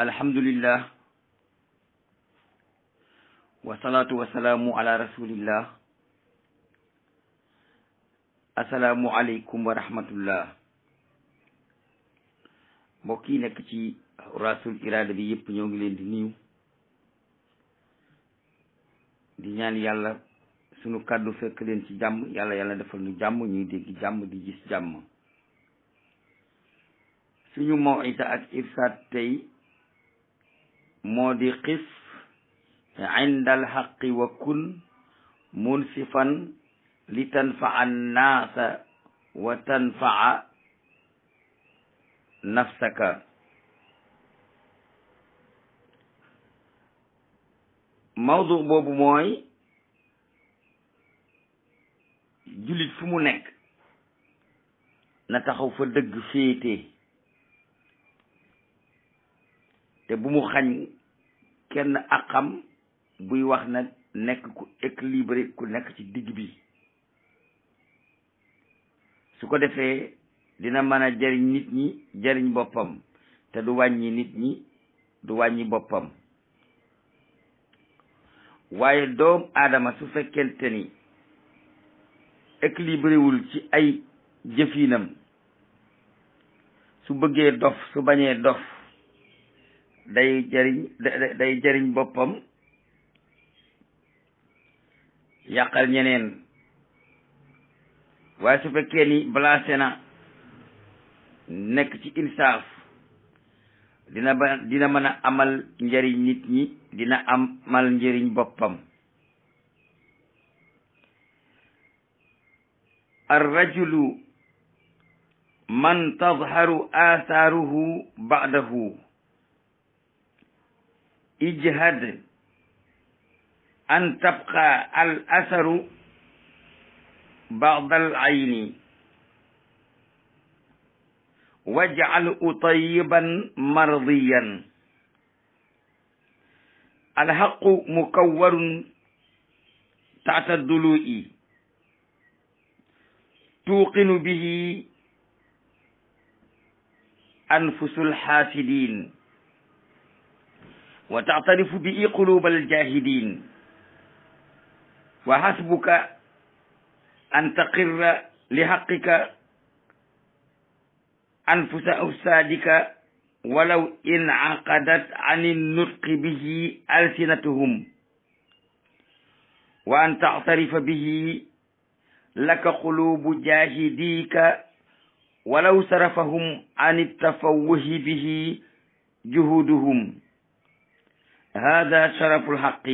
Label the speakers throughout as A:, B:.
A: alhamdulillah wasalaatu wasalaamu ala rasulillah asalaamu aleykum wa rahmatullah mbokk yi nekk ci rasul irada bi yëpp ñoo ngi leen di nuyu di ñaan yàlla sunu kàddu fekk leen ci jàmm yàlla yàlla defal nu jàmm ñuy dégg jàmm di gis jàmm suñu mawita ak irsaat tey moo di xif inda alxaqi wa kun munsifan li tanfaa annaasa wa tanfaa nafsaka mawdu boobu mooy jullit fu mu nekk na taxaw fa dëgg féete te bu mu xañ kenn ak xam buy wax na nekk ku équilibré ku nekk ci digg bi su ko defee dina mën a jariñ nit ñi jariñ boppam te du wàññi nit ñi du wàññi boppam waaye doom aadama su fekkente ni équilibré wul ci ay jëfinam su bëggee dof su bañee dof day jëriñ day jëriñ boppam yàqal ñeneen waaye su fekkee ni na nekk ci insaaf dina ba dina mën a amal njëriñ nit ñi dina amal njëriñ boppam arrajulu man tadharu athaaruhu ba'dahu ijhad an tabqa al asaru ba'da al ayni waj'al utayiban mardiyan al haqqu mukawwarun taata dulu'i tuuqinu bihi anfusul xaasidin wa taatarifu bii quluba aljahidin wa hasbuka an taqirra li haqqika anfusa awsaadika walaw inaqadat an nutqi bihi alsinatuhum wa an taatarifa bihi laka qulubu jahidika walaw sarafahum an tafawuhi bihi juhuduhum هذا شرف الحق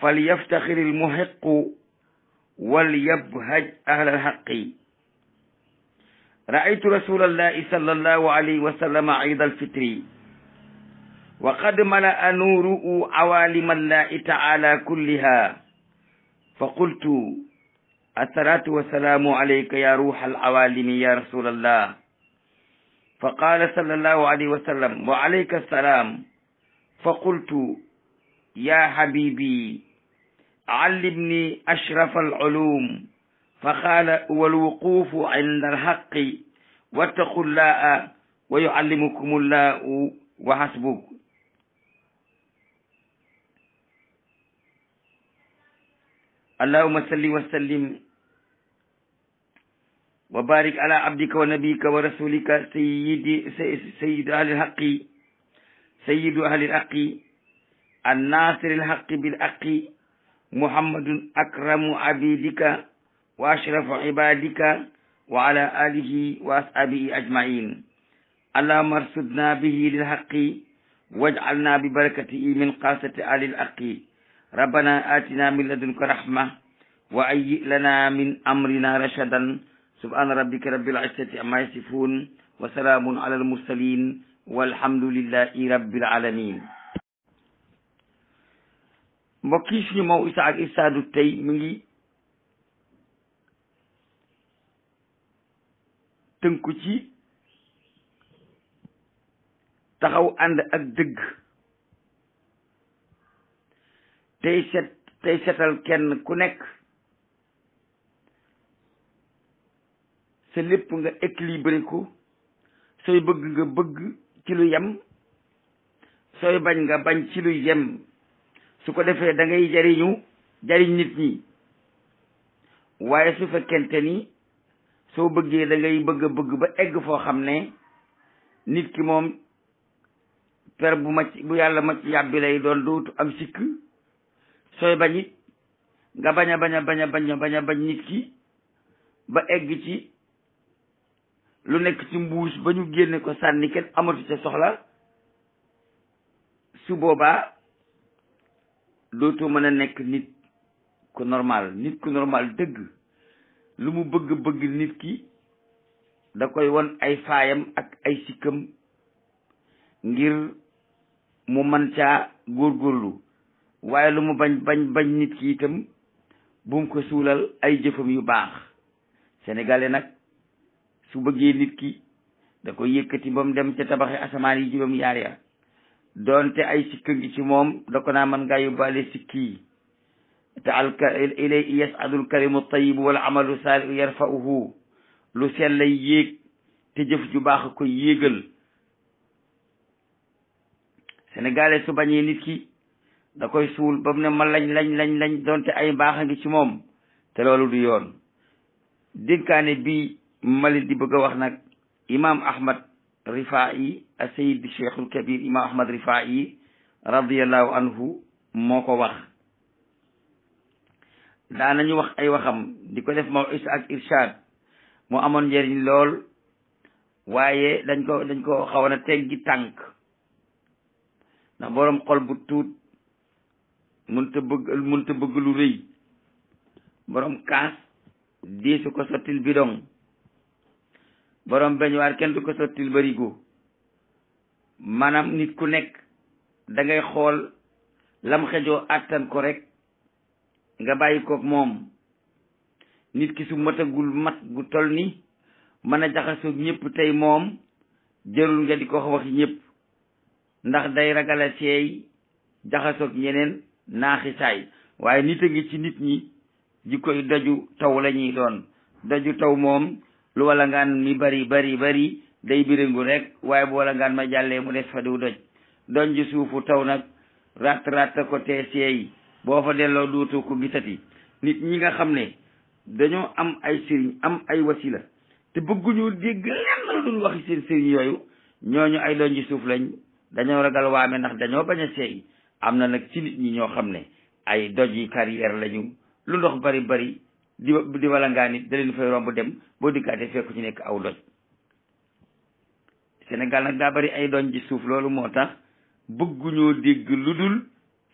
A: فليفتخر المحق وليبهج أهل الحق رأيت رسول الله صلى الله عليه وسلم عيد الفطر وقد ملأ نوره عوالم الله تعالى كلها فقلت الصلاة والسلام عليك يا روح العوالم يا رسول الله فقال صلى الله عليه وسلم وعليك السلام فقلت يا حبيبي علمني أشرف العلوم فقال والوقوف عند الحق واتقوا الله ويعلمكم الله وحسبكم اللهم صل وسلم وبارك على عبدك ونبيك ورسولك سيدي سيد أهل الحق sayyidu ahlil aqi an nasiril haqi bil aqi muhammadun akramu abidika wa ashrafu ibadika wa ala alihi wa ashabihi ajmain allahumma arsudna bihi lil haqi waj'alna bi barakatihi min qasati ahlil aqi rabbana atina min ladunka rahma wa ayyi lana min amrina rashadan subhana rabbika rabbil izzati amma yasifun wa salamun ala al mursalin walhamdulillahi rabbil alamin mbokk yi suñu maw isa ak isaadu tey mi ngi tënku ci taxaw ànd ak dëgg tey set tey setal kenn ku nekk sa lépp nga équilibré ko say bëgg nga bëgg ci lu yem sooy bañ nga bañ ci lu yem su ko defee da ngay jariñu jariñ nit ñi waaye su fekkente ni soo bëggee da ngay bëgg bëgg ba egg foo xam ne nit ki moom per bu macc bu yàlla macc yàbbi lay doon dootu am sikk sooy bañ nga bañ a bañ a bañ a bañ a bañ a bañ nit ki ba egg ci lu nekk ci mbuus ba ñu génne ko sànni kenn amatu ca soxla su boobaa dootoo mën a nekk nit ku normal nit ku normal dëgg lu mu bëgg bëgg nit ki da koy won ay faayam ak ay sikkam ngir mu mën caa góorgóorlu waaye lu mu bañ bañ bañ nit ki itam bu mu ko suulal ay jëfam yu baax sénégalais nag su bëggee nit ki da ko yëkkati ba mu dem ca tabaxi asamaan yi juróom yaar ya doonte ay sikk ngi ci moom da ko naa mën ngaa yóbbaale sikki yi te al ilay yasadul kalimu tayibu wala amalu saalihu yarfauhu lu sell lay yéeg te jëf ju baax ko yéegal sénégalais su bañee nit ki da koy suul ba mu ne ma lañ lañ lañ lañ doonte ay baax a ngi ci moom te loolu du yoon dénkaane bii malit di bëgg a wax nag imaam ahmad rifai a sayid cheikhul kabir imam ahmad rifai radiallahu anhu moo ko wax daanañu wax ay waxam di ko def maw is ak mu amoon njëriñ lool waaye dañ ko dañ ko xawoon a teggi tànk ndax boroom xol bu tuut mënta bëgg mënta bëgg lu rëy boroom kaas diisu ko sottil bidong borom beñuwaar kenn du ko sottil barigo maanaam nit ku nekk dangay xool lam xejoo àttan ko rek nga bàyyi koog moom nit ki su matagul mat gu tol ni mën a jaxasoog ñépp tey moom jërul nga di ko wax ñëpp ndax day ragale seey jaxasoog ñeneen naaxi saay waaye nit a ngi ci nit ñi ji koy doju taw la ñuy doon doju taw moom lu wala ngaan mi bari bari bari day biringu rek waaye bu wala ngaan ma jàllee mu des fa diw doj doñ ji suufu taw nag rat rat ko tee seey boo fa delloo duutu ko gisati nit ñi nga xam ne dañoo am ay sëriñ am ay wasila te bëgguñu dégg lenn lu dul waxi seen sëriñ yooyu ñooñu ay doñ ji suuf lañ dañoo ragal waame ndax dañoo bañ a seey am na nag ci nit ñi ñoo xam ne ay doj yi carrière lañu lu ndox bari bari di di wala ngaa nit da leen fay romb dem boo dikkaatee fekk ci nekk aw doj Sénégal nag daa bari ay doñ ci suuf loolu moo tax bëgguñoo dégg lu dul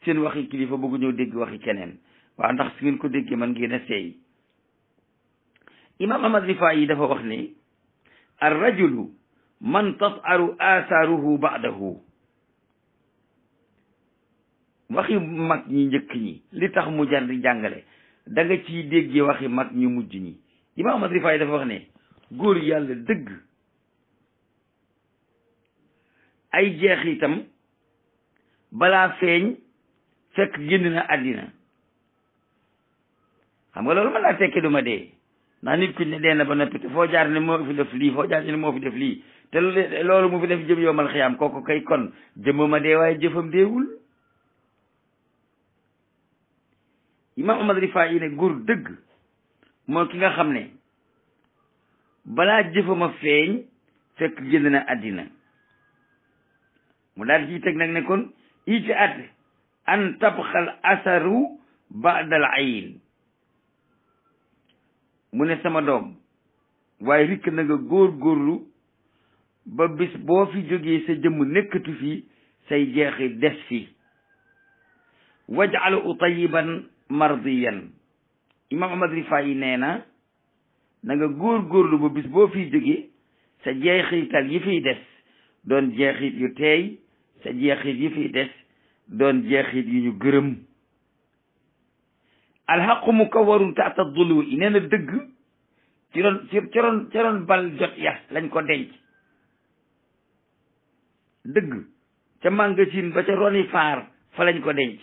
A: seen waxi kilifa bëgguñoo dégg waxi keneen waaw ndax su ngeen ko déggee man ngeen a seey imam ahmad rifaayi dafa wax ni ar rajulu man tasaru asaaruhu baadahu waxi mag ñi njëkk ñi li tax mu jar di jàngale da nga ciy déggee waxi mag ñu mujj ñi imaam Ahmad Rifaay dafa wax ne góor yàlla dëgg ay jeex itam balaa feeñ fekk génn na àddina xam nga loolu mën naa tekkee du dee ndax nit ku ne dee na ba noppi te foo jaar ne moo fi def lii foo jaar ne moo fi def lii te loolu mu fi def jëm yow mal xiyaam kooku kay kon jëmam a dee waaye jëfam deewul imam Ahmad Rifaa'i ne góor dëgg mooy ki nga xam ne balaa jëfama feeñ fekk génn na àddina mu daal ciy teg nag ne kon iti at an tabxal asaru baadal ayin mu ne sama doom waaye rikk na nga góor góorlu ba bis boo fi jógee sa jëmm nekkatu fi say jeexi des fi wajal u tayiban mardiyan imam ahmad rifaayi nee na na nga góor lu ba bis boo fi jóge sa jeexital yi fiy des doon jeexit yu teey sa jeexit yi fiy des doon jeexit yu ñu gërëm alxaqu mukawarun taxta dulu yi nee na dëgg ci roon ci roon bal jot ya lañ ko denc dëgg ca màngasin ba ca roni faar fa lañ ko denc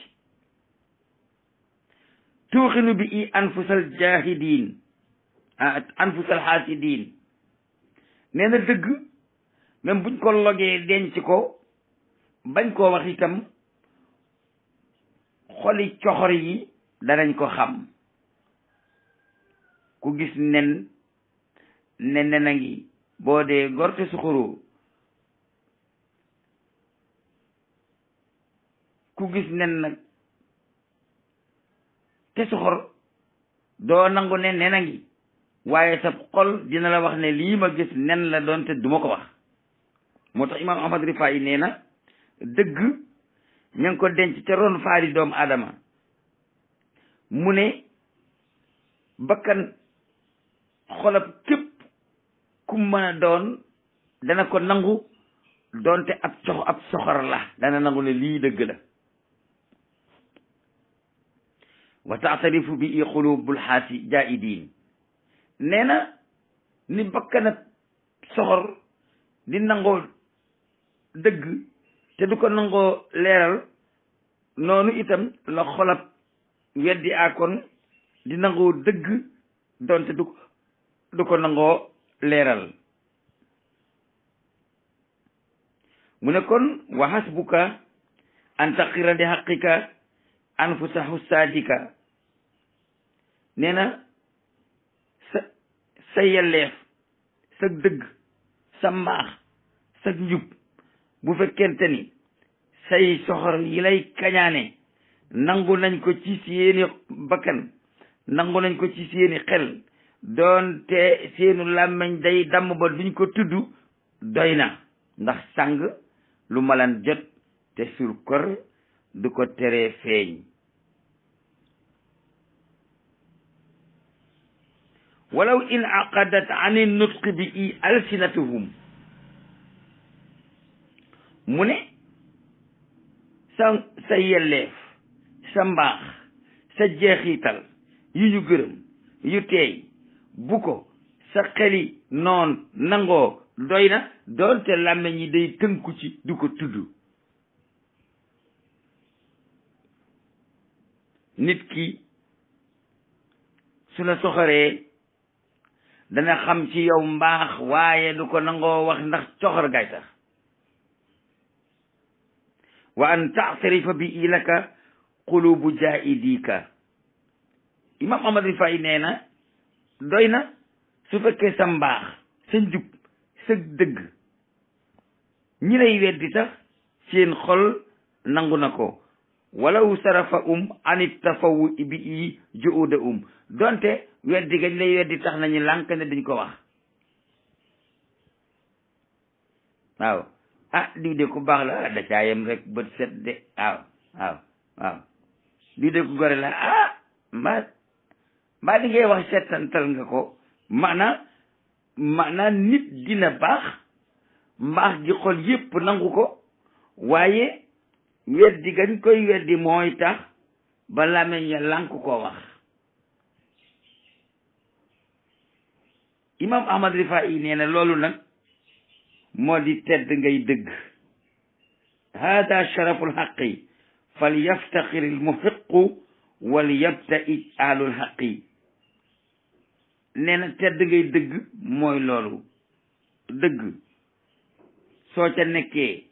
A: tuuxinu bi i anfusal jaahidiin anfusal xaasidiin nee na dëgg même buñ ko logee denc ko bañ koo wax itam xoli coxor yi danañ ko xam ku gis nen ne nen a ngi boo dee gorte suxuroo ku gis nen nag te soxor doo nangu ne nen a waaye sa xol dina la wax ne lii ma gis nen la doonte duma ko wax moo tax imaam ahmad rifaayi nee na dëgg ña ngi ko denc te ron faari doomu aadama mu ne bakkan xolab képp ku mën a doon dana ko nangu doonte ab sox ab soxor la dana nangu ne lii dëgg la wa taatarifu bi i xulubul xaasi jaaidin nee na ni bakkan ak soxor di nangoo dëgg te du ko nangoo leeral noonu itam la xolab weddi akon di nangoo dëgg donte du du ko nangoo leeral mu ne kon wa hasbuka an taqira xaqika anfusahu saadika nee na sa sa yelleef sa dëgg sa mbaax sa njub bu fekkente ni say soxor yi lay kañaane nangu nañ ko ci seeni bakkan nangu nañ ko ci seeni xel doonte seenu làmmiñ day damm ba duñ ko tudd doy na ndax sàng lu malan jot te sur kor du ko teree feeñ walaw in aqadat an nutqi bi i alsinatuhum mu ne sa sa yelleef sa mbaax sa jeexital yu ñu gërëm yu teey bu ko sa xeli noon nangoo doy na doonte làmmiñ yi day tënku ci du ko tudd nit ki su la soxoree dana xam ci yow mbaax waaye du ko nangoo wax ndax coxor gay tax wa an taxtarifa bi ilaka qulubu jaidika imam ahmad fay nee na doy na su fekkee sa mbaax sa njub sa dëgg ñi lay weddi sax seen xol nangu na ko walaw sarafa um anit tafawu bi i juuda um donte weddi gañ lay weddi tax nañu lànk ne duñ ko wax waaw ah diw ku baax la ah, da caayam rek bët set de waaw waaw waaw diw gore la ah mbaa mbaa li ngay wax setantal nga ko maanaam maanaam nit dina baax mbaax gi xol yépp nangu ko waaye weddi gañ koy weddi mooy tax ba làmmeñ ya lànk koo wax imam ahmad rifaa'i nee na loolu nag moo di tedd ngay dëgg hada sharaful xaqi fal yaftaxir al muhiqu wal yabta'i alul xaqi nee na tedd ngay dëgg mooy loolu dëgg soo ca nekkee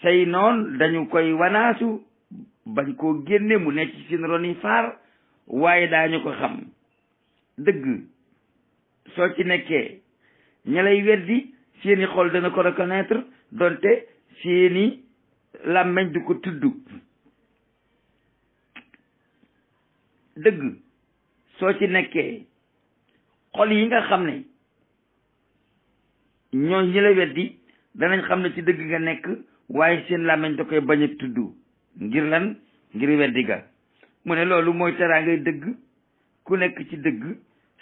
A: say noon dañu koy wanaasu bañ koo génne mu nekk ci seen roni faar waaye daañu ko xam dëgg soo ci nekkee ña lay weddi seeni xol dana ko reconnaître donte seeni làmmeñ du ko tudd dëgg soo ci nekkee xol yi nga xam ne ñoo ñi la weddi danañ xam ne ci dëgg nga nekk waaye seen làmmeñ da koy bañ a tudd ngir lan ngir weddi ga mu ne loolu mooy teraangay dëgg ku nekk ci dëgg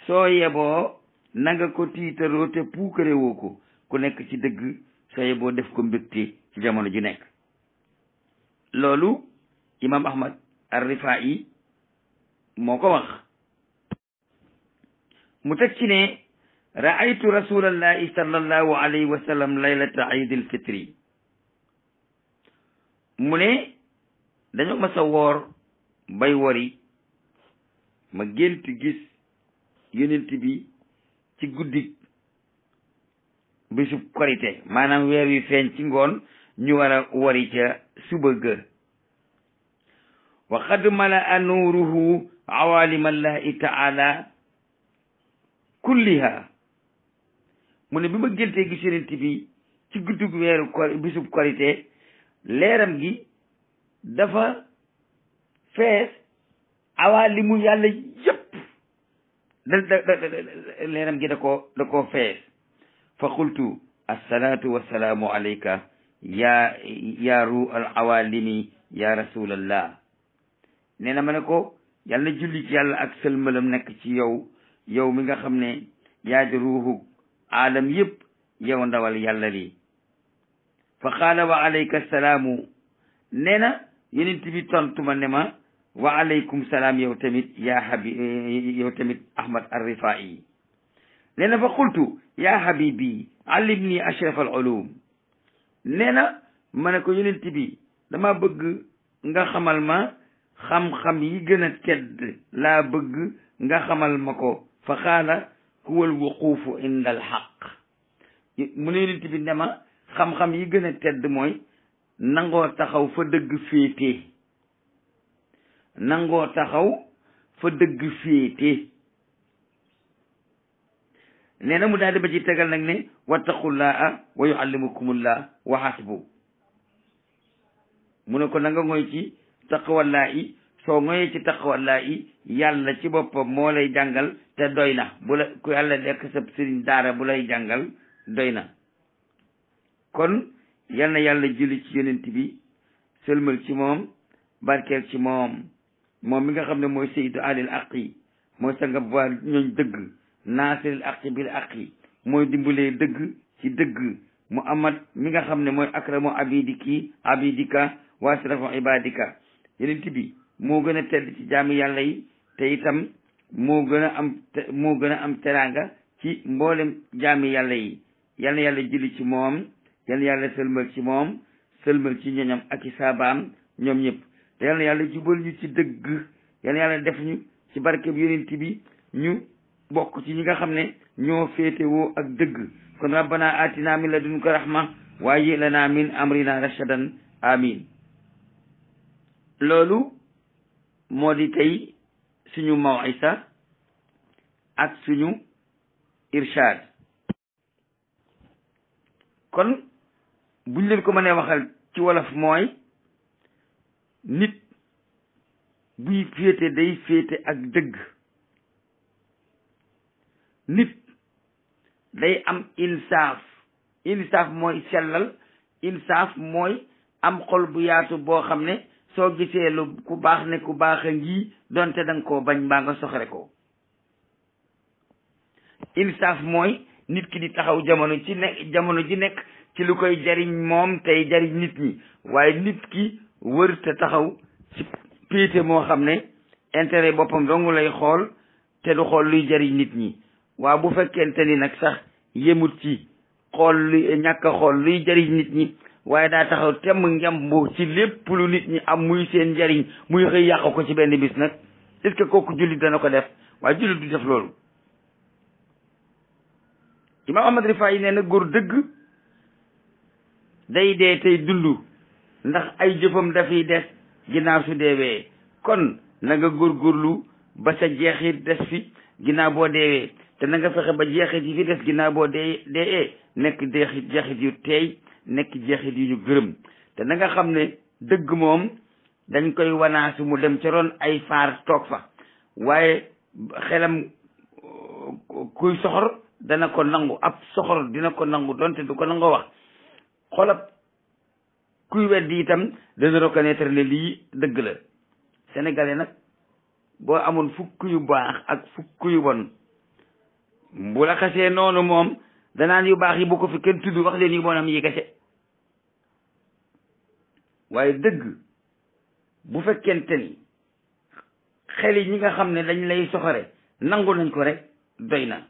A: soo yeboo na nga ko tiitaroo te puukarewoo ko ku nekk ci dëgg soo yeboo def ko mbégte jamono ju nekk loolu imam ahmad ar-Rifaa'i moo ko wax mu teg ci ne ra'aytu rasulallahi sallallahu alayhi wa sallam laylata iidil fitri mu ne dañoo mas woor bay wori ma gént gis yonent bi ci guddi bisub korite maanaam weer wi feeñ ci ngoon ñu war a wari ca suba ga wa qad malaa nuuruhu awaalim allahi taala kulliha mu ne bi ma géntee gis yonent bi ci guddug weeru ko bisub korite leeram gi dafa fees awaa li mu yàlla yépp da da leeram gi da koo fees fa qultu assalaatu wassalaamu alayka yaa ru al awalimi ya rasulallah nee na ma ne ko yàlla julli ci yàlla ak sëlmalam nekk ci yow yow mi nga xam ne yaa di ruuxu alam yëpp yow ndawal yàlla li fa qaala wa alayka salaamu nee na yonent bi tontu ma waaleykum salaam yow tamit yaa habi yow tamit ahmad arrifai nee na fa qultu yaa habibi allimni ashraf al ulum nee na ma ne ko yonent bi dama bëgg nga xamal ma xam-xam yi gën a tedd laa bëgg nga xamal ma ko fa xaala huwa al wuquufu inda al xaq mu ne yonent bi ne ma xam-xam yi gën a tedd mooy nangoo taxaw fa dëgg féete nangoo taxaw fa dëgg féete nee na mu daal di ci tegal nag ne wattaqullaa wa yuallimukumullaa wa bu mu ne ko na nga ngoy ci taqawallaa yi soo ngoyee ci taqawallaa yi yàlla ci boppam moo lay jàngal te doy na bu la ku yàlla dekk sa sëriñ daara bu lay jàngal doy na kon yal na yàlla julli ci yonent bi sëlmal ci moom barkeel ci moom moom mi nga xam ne mooy sayyidu alil yi mooy sa nga waa ñooñ dëgg naasiril aqi bil aqi mooy dimbulee dëgg ci dëgg mu muhammad mi nga xam ne mooy akramu abidiki abidika waa sirafu ibadika yenent bi moo gën a tedd ci jaami yàlla yi te itam moo gën a am moo gën a am teraanga ci mboolem jaami yàlla yi yal yàlla julli ci moom yal yàlla sëlmal ci moom sëlmal ci ñoñam ak i saabaam ñoom ñëpp te yàlla jubal ñu ci dëgg yal yàlla def ñu ci barke bi yonent bi ñu bokk ci ñi nga xam ne ñoo féetewoo ak dëgg kon rabbana atina min ladunka rahma waaye lana min amrina rashadan amin loolu moo di tey suñu mawisa ak suñu irshad kon buñ leen ko mënee waxal ci wolof mooy nit buy féete day féete ak dëgg nit day am insaaf insaaf mooy sellal insaaf mooy am xol bu yaatu boo xam ne soo gisee lu ku baax ne ku baax ngi donte danga koo bañ mbaa nga soxre ko insaaf mooy nit ki di taxaw jamono ci nekk jamono ji nekk ci lu koy jariñ moom tey jariñ nit ñi waaye nit ki wër te taxaw ci piite moo xam ne intérêt boppam dong lay xool te du xool luy jariñ nit ñi waaw bu fekkente ni nag sax yemut ci xool luy ñàkk a xool luy jariñ nit ñi waaye daa taxaw temm ngem ci lépp lu nit ñi am muy seen njariñ muy xëy yàq ko ci benn bis nag est-ce que kooku jullit dana ko def waaye jullit du def loolu imaam Ahmad Rifaayi nee na góor dëgg day dee tey dund ndax ay jëfam dafiy des ginnaaw su deewee kon na nga góorgóorlu ba sa jeexit des fi ginnaaw boo deewee te na nga fexe ba jeexit yi fi des ginnaaw boo dee dee nekk jeexit jeexit yu teey nekk jeexit yu ñu gërëm te nanga xam ne dëgg moom dañ koy wanaasu mu dem ca roon ay faar toog fa waaye xelam kuy soxor dana ko nangu ab soxor dina ko nangu donte du ko nangoo wax xolab kuy weddi itam dana reconnaître ne dëgg la sénégalais nag boo amoon fukk yu baax ak yu bon bu la xasee noonu moom danaan yu baax yi bu ko fi wax leen yu bonam yi waaye dëgg bu fekkente ni xel yi ñi nga xam ne dañ lay soxore nangu nañ ko rek doy na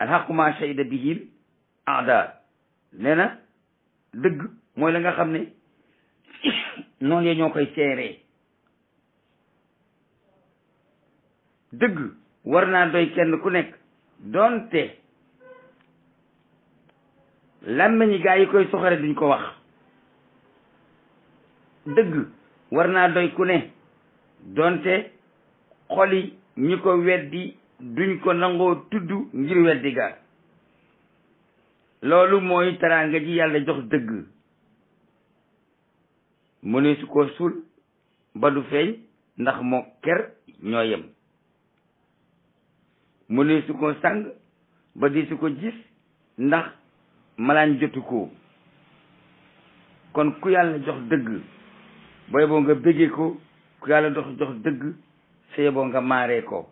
A: alxaqu ma shahida bihil aada nee na dëgg mooy la nga xam ne noonu ya ñoo koy seeree dëgg war naa doy kenn ku nekk doonte làmmiñi gaa yi koy soxare duñ ko wax dëgg war naa doy ku ne doonte xoli ñi ko weddi duñ ko nangoo tudd ngir weddi gaa loolu mooy teraanga ji yàlla jox dëgg mu ne su ko suul ba du feeñ ndax moo ker ñoo yem mu ne su ko sàng ba di su ko gis ndax malaan jotu ko kon ku yàlla jox dëgg booy boo nga bëggee ko ku yàlla dox jox dëgg see boo nga maaree ko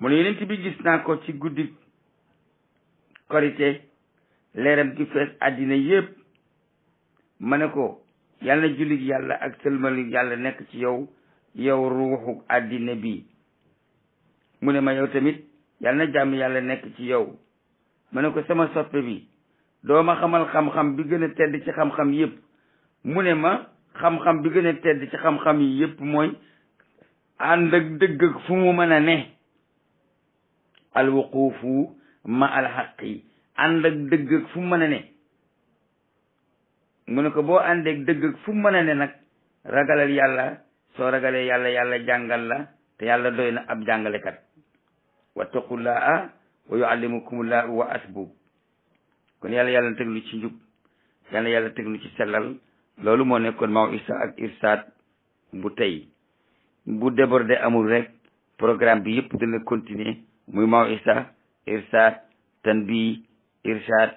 A: mu ne yeneen bi gis naa ko ci guddi korite leeram gi fees àddina yépp ma ne ko yàlla na jullit yàlla ak sëlmalu yàlla nekk ci yow yow ruuxu àddina bi mu ne ma yow tamit yàlla na jàmm yàlla nekk ci yow ma ne ko sama soppe bi doo ma xamal xam-xam bi gën a tedd ci xam-xam yépp mu ne ma xam-xam bi gën a tedd ci xam-xam yi yépp mooy ànd ak dëgg ak fu mu mën a ne alwuquufu ma alxaq ànd ak dëgg fu mën a ne mu ne ko boo àndeek dëgg ak fu mën a ne nag ragalal yàlla soo ragalee yàlla yàlla jàngal la te yàlla doy na ab jàngalekat wattaqullaa wa yuallimukumullah wa asbub kon yàlla yàlla teg lu ci njub yàlla yàlla teg ci sellal loolu moo nekkoon maw isa ak irsaat bu tey bu débordé amul rek programme bi yëpp dana continuer muy maw isa irsaad bi irsaad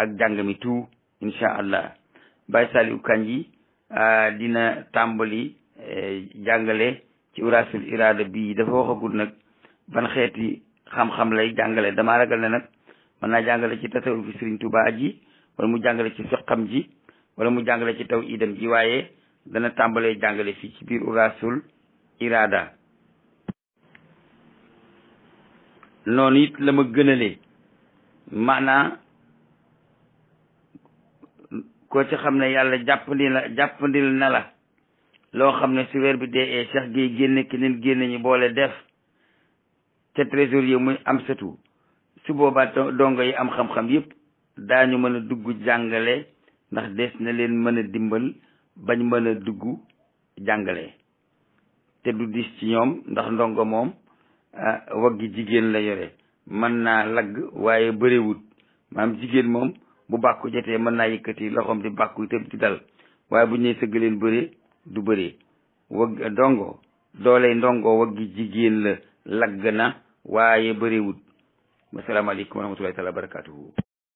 A: ak jàng mi tout incha allah Baye Saliou Kandji ah, dina tàmbali eh, jàngale ci urasul irada bii dafa waxagul nag ban xeeti xam-xam lay jàngale dama ragal ne nag mën naa jàngale ci tasawu fi Serigne Touba ji wala mu jàngale ci fiqam ji wala mu jàngale ci taw idam ji waaye dana tàmbalee jàngale fii ci biir urasul irada noonu it la ma gënalee maanaa ko ci xam ne yàlla jàppandi la jàppandil na la loo xam ne su weer bi dee ee Cheikh Gueye génne keneen génne ñu boole def ca trésor yi muy am satu su boobaa dongo yi am xam-xam yëpp daañu mën a dugg jàngale ndax des na leen mën a dimbal bañ mën a duggu jàngale te du dis ci ñoom ndax dongo moom Ah, waggi jigéen la yore mën naa lagg waaye bëriwut maam jigéen moom bu bàkku jotee mën naa yëkkati loxoom di bàkku itam di dal waaye bu ñu sëgg leen bëree du bëree wagg dongo dooley ndongo waggi jigéen la lagg na waaye bëriwut wasalaamaaleykum wa rahmatullahi taala wa barakatuhu